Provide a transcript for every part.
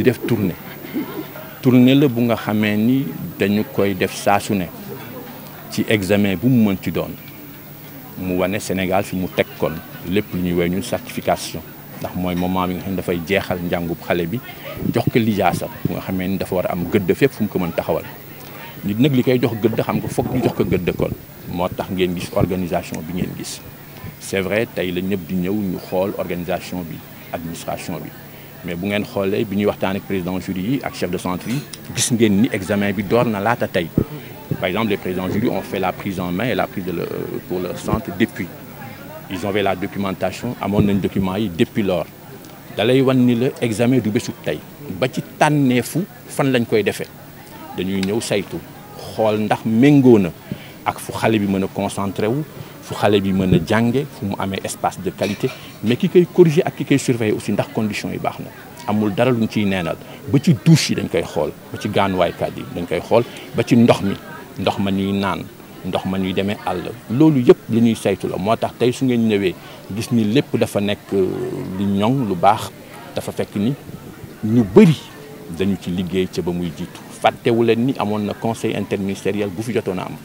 di def tournée tournée la bu nga xamee ni dañu koy def saa su ne ci examen bu mu mën ci doon mu wane Sénégal fi mu teg kon lépp lu ñuy woy ñun certification ndax mooy moment bi nga xam ne dafay jeexal njàngub xale bi jox ko lijaasa bu nga xamee ni dafa war a am gëdd fépp fu mu ko mën taxawal nit nag li koy jox gëdd xam ko foog ñu jox ko gëdd kon moo tax ngeen gis organisation bi ngeen gis c'est vrai tey la ñëpp di ñëw ñu xool organisation bi administration bi mais bu ngeen xoolee bi ñuy waxtaan ak président jury yi ak chef de centre yi gis ngeen ni examen bi door na laata tey par exemple les présidents jury ont fait la prise en main et la prise de le, euh, pour leur centre depuis ils ont fait la documentation amoon nañ document yi depuis lors da lay wan ni la examen du bésu tey ba ci tànneefu fan lañ koy defee dañuy ñëw saytu xool ndax méngoo na ak fu xale bi mën a concentré wu fu xale bi mën a jànge fu mu amee espace de qualité mais ki koy corriger ak ki koy surveiller aussi ndax condition yi baax na amul dara luñ ciy neenal ba ci douche yi dañ koy xool ba ci gaanuwaaykat yi dañ koy xool ba ci ndox mi ndox ma ñuy naan ndox ma ñuy demee àll loolu yëpp lu ñuy saytu la moo tax tey su ngeen newee gis ni lépp dafa nekk euh, lu ñoŋ lu baax dafa fekk ni ñu bëri dañu ci liggéey ci ba muy jiitu fàttewu leen ni amoon na conseil interministériel bu fi jotoon a am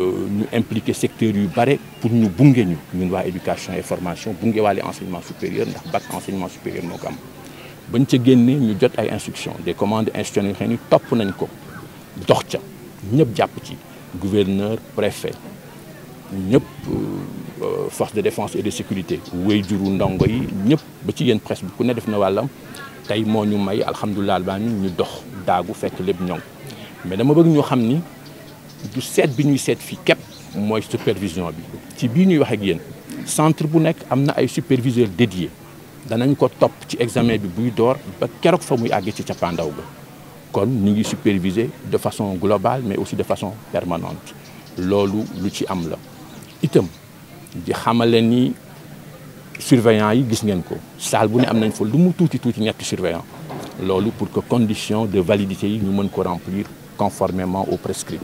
Euh, ñu impliqué secteurs yu bare pour ñu bunge ñu ñun waa éducation et formation bunge waale enseignement supérieur ndax bac enseignement supérieur moo ko am bañ ca génnee ñu jot ay instructions des commandes institutionnelles xëy ni topp nañ ko dox ca ñëpp jàpp ci gouverneur préfet ñëpp euh, euh, force de défense et de sécurité wéy juru ndongo yi ñëpp ba ci yéen presse bi ku ne def na wàlla tey moo ñu may alhamdulilah albani ñu dox daagu fekk lépp ñoŋ mais dama du seet bi ñuy seet fii képp mooy supervision bi ci bii ñuy wax ak yéen centre bu nekk am na ay superviseur dédié danañ ko topp ci examen bi buy door ba keroog fa muy àgg ci cappaandaw ga kon ñu ngi superviser de façon globale mais aussi de façon permanente loolu lu ci am la itam di xamale ni surveillant yi gis ngeen ko salle bu ne am nañ fa lu mu tuuti tuuti ñetti surveillant loolu pour que condition de validité yi ñu mën ko remplir conformément au prescrit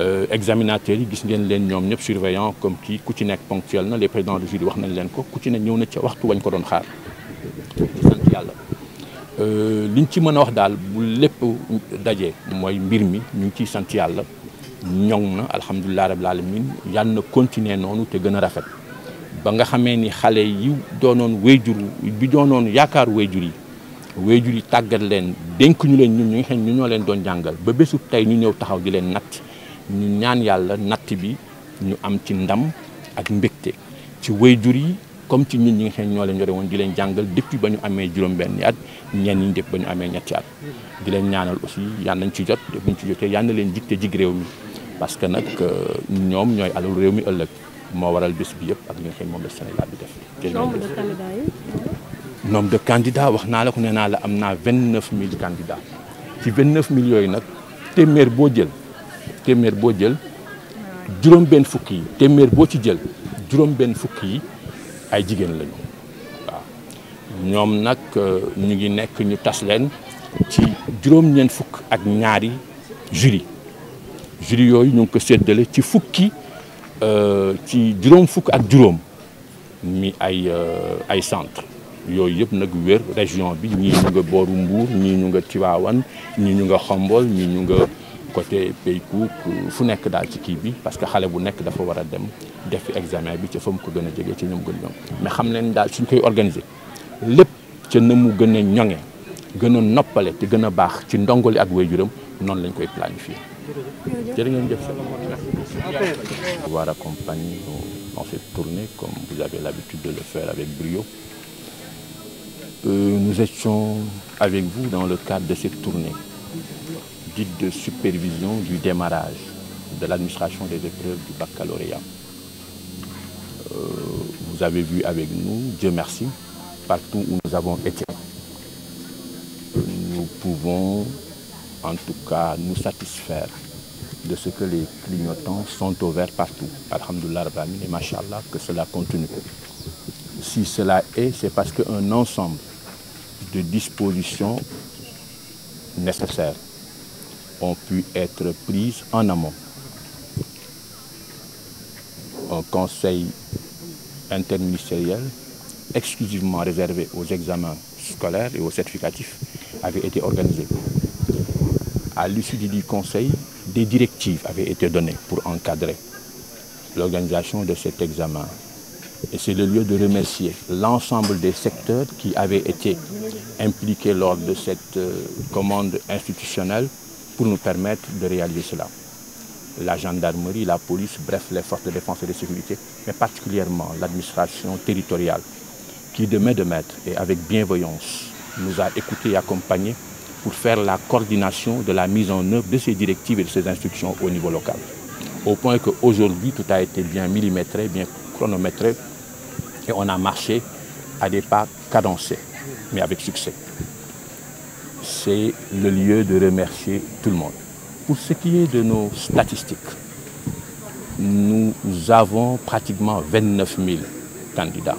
Euh, examinateur yi gis ngeen leen ñoom ñëpp surveillant comme kii ku ci nekk ponctuel na les présidents de jury wax nañ leen ko ku ci ne ñëw na ca waxtu wañ ko doon xaar euh, ci mën a wax daal bu lépp daje mooy mbir mi ñu ngi ciy sant yàlla ñoŋ na alhamdulilah rabil alamin yàlla na continuer noonu te gën a rafet ba nga xamee ni xale yi doonoon wéyjur bi doonoon yaakaar wéyjur yi wéyjur yi tàggat leen dénk ñu leen ñun ñu ngi xam ñu ñoo leen doon jàngal ba bésu tey ñu ñëw taxaw di leen natt ñu ñaan yàlla natt bi ñu am ci ndam ak mbégte ci jur yi comme ci ñun ñi nga xam ñoo leen yore woon di leen jàngal depuis ba ñu amee juróom-benn at ñenn ñi def ba ñu amee ñetti at di leen ñaanal aussi yal nañ ci jot buñ ci jotee yal leen jig te jig réew mi parce que nag euh, ñoom ñooy alal réew mi ëllëg moo waral bés bi yëpp ak li nga xam moom la Sénégal bi def. nombre de candidats yi. nombre de wax naa la ko nee naa la am naa vingt neuf mille candidats ci vingt neuf mille yooyu nag téeméer boo jël. téeméer boo jël juróom benn fukk yi téeméer boo ci jël juróom benn fukk yi ay jigéen lañu waaw ñoom nag euh, ñu ngi nekk ñu tas leen ci juróom ñeent fukk ak ñaari jury jury yooyu ñu ngi ko séddale ci fukki euh, ci juróom fukk ak juróom mi ay euh, ay centre yooyu yëpp nag wër région bi ñii ñu nga booru Mbour ñii ñu nga Tivaouane ñii ñu nga Xombol ñii ñu nga côté Paycook fu nekk daal ci kii bi parce que xale bu nekk dafa war a dem def fi examen bi ca fa mu ko gën a jege ca ñoom gën ñoŋ mais xam leen daal suñ koy organiser lépp ca na mu gën a ñoŋe gën a noppale te gën a baax ci ndongoli ak waajuram noonu lañ koy planifier jërë ngeen jëf pouvoir accompagner dans cette tournée comme vous avez l'habitude de euh, dans le cadre de cette tournée guide de supervision du démarrage de l'administration des épreuves du baccalauréat. Euh, vous avez vu avec nous, merci, partout où nous avons été, nous pouvons en tout cas nous satisfaire de ce que les clignotants sont ouverts partout. Alhamdulillah, et Machallah, que cela continue. Si cela est, parce qu'un ensemble de dispositions nécessaires ont pu être prises en amont. Un conseil interministériel exclusivement réservé aux examens scolaires et aux certificatifs avait été organisé. À l'issue du conseil, des directives avaient été données pour encadrer l'organisation de cet examen. Et c'est le lieu de remercier l'ensemble des secteurs qui avaient été impliqués lors de cette euh, commande institutionnelle pour nous permettre de réaliser cela. La gendarmerie, la police, bref, les forces de défense et de sécurité, mais particulièrement l'administration territoriale, qui de de maître et avec bienveillance nous a écoutés et accompagnés pour faire la coordination de la mise en œuvre de ces directives et de ces instructions au niveau local. Au point qu'aujourd'hui, tout a été bien millimétré, bien chronométré, et on a marché à des pas cadencés, mais avec succès. c'est le lieu de remercier tout le monde. Pour ce qui est de nos statistiques, nous avons pratiquement 29 000 candidats.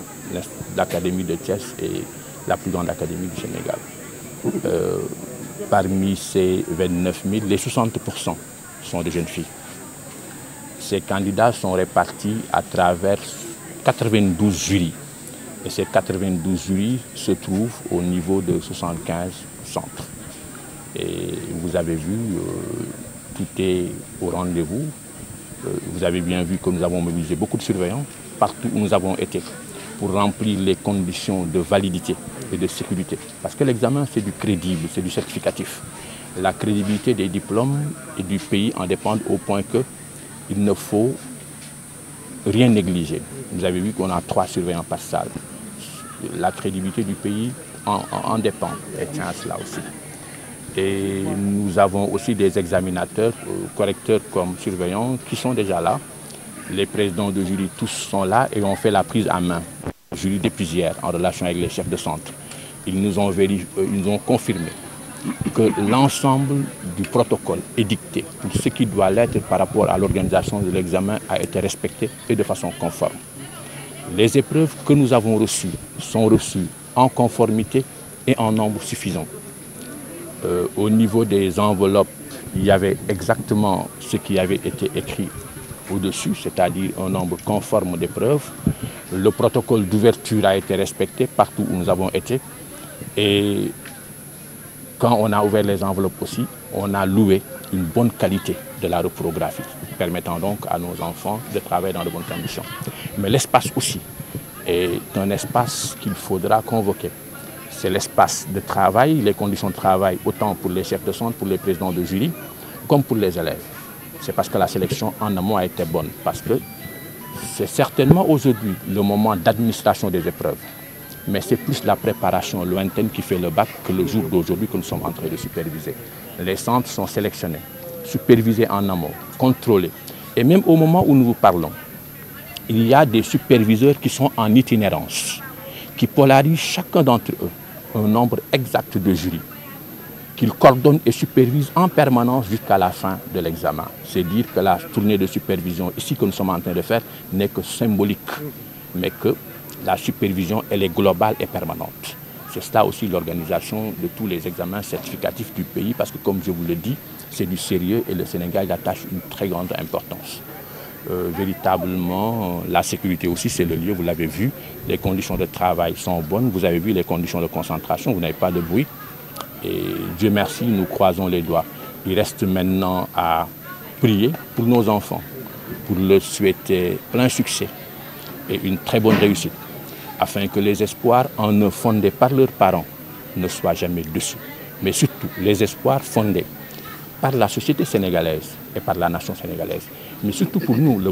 L'académie de Thiès est la plus grande académie du Sénégal. Euh, parmi ces 29 000, les 60% sont des jeunes filles. Ces candidats à travers 92 jurys. Et ces 92 jurys au niveau de 75 centre. Et vous avez vu, euh, tout est au rendez-vous. Euh, vous avez bien vu que nous avons mobilisé beaucoup de surveillants partout où nous avons été pour remplir les conditions de validité et de sécurité. Parce que l'examen, c'est du crédible, c'est du certificatif. La crédibilité des diplômes et du pays en dépend au point que il ne faut rien négliger. Vous avez vu qu'on a trois surveillants par La crédibilité du pays en, en, en dépend, les chances là aussi. Et nous avons aussi des examinateurs, euh, correcteurs comme surveillants, qui sont déjà là. Les présidents de jury tous sont là et ont fait la prise en main. Le jury depuis hier, en relation avec les chefs de centre, ils nous ont, vérifié, euh, ils nous ont confirmé que l'ensemble du protocole édicté pour ce qui doit l'être par rapport à l'organisation de l'examen a été respecté et de façon conforme. Les épreuves que nous avons reçues sont reçues en conformité et en nombre suffisant. Euh, au niveau des enveloppes, il y avait exactement ce qui avait été écrit au-dessus, c'est-à-dire un nombre conforme des preuves. Le protocole d'ouverture a été respecté partout où nous avons été. Et quand on a ouvert les enveloppes aussi, on a loué une bonne qualité de la reprographie, permettant donc à nos enfants de travailler dans de bonnes conditions. Mais l'espace aussi, est un espace qu'il faudra convoquer. C'est l'espace de travail, les conditions de travail, autant pour les chefs de centre, pour les présidents de jury, comme pour les élèves. C'est parce que la sélection en amont a été bonne, parce que c'est le moment d'administration des épreuves. Mais c'est plus la préparation lointaine qui fait le bac que le jour d'aujourd'hui que nous sommes en train de superviser. Les centres sont sélectionnés, supervisés en amont, contrôlés. Et même au moment où nous vous parlons, il y a des superviseurs qui sont en itinérance, qui polarisent chacun d'entre eux un nombre exact de jurys, qu'ils coordonnent et supervisent en permanence jusqu'à la fin de l'examen. C'est dire que la tournée de supervision ici que nous sommes en train de faire n'est que symbolique, mais que la supervision, est globale et permanente. C'est cela aussi l'organisation de tous les examens certificatifs du pays, parce que comme je vous le dis, c'est du sérieux et le Sénégal y attache une Euh, véritablement, la sécurité aussi, c'est le lieu, vous l'avez vu. Les conditions de travail sont bonnes, vous avez vu les conditions de concentration, vous n'avez pas de bruit. Et Dieu merci, nous croisons les doigts. Il reste maintenant à prier pour nos enfants, pour leur souhaiter plein succès et une très bonne réussite, afin que les espoirs en eux fondés par leurs parents ne soient jamais dessus, mais surtout les espoirs fondés par la société sénégalaise et par la nation sénégalaise. Mais surtout pour nous, le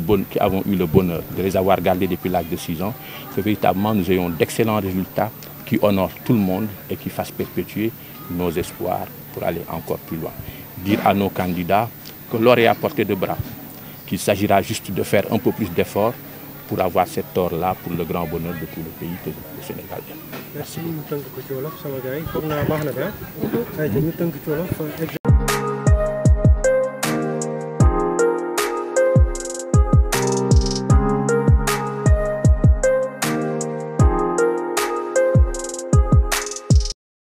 bonheur de les avoir gardés depuis l'âge de 6 ans, que véritablement nous ayons d'excellents résultats qui honorent tout le monde et qui fassent perpétuer nos espoirs pour aller encore plus loin. Dire à nos candidats que l'or à portée de bras, qu'il s'agira juste de faire un peu plus d'efforts pour avoir cet or-là pour le grand bonheur de tout le pays que le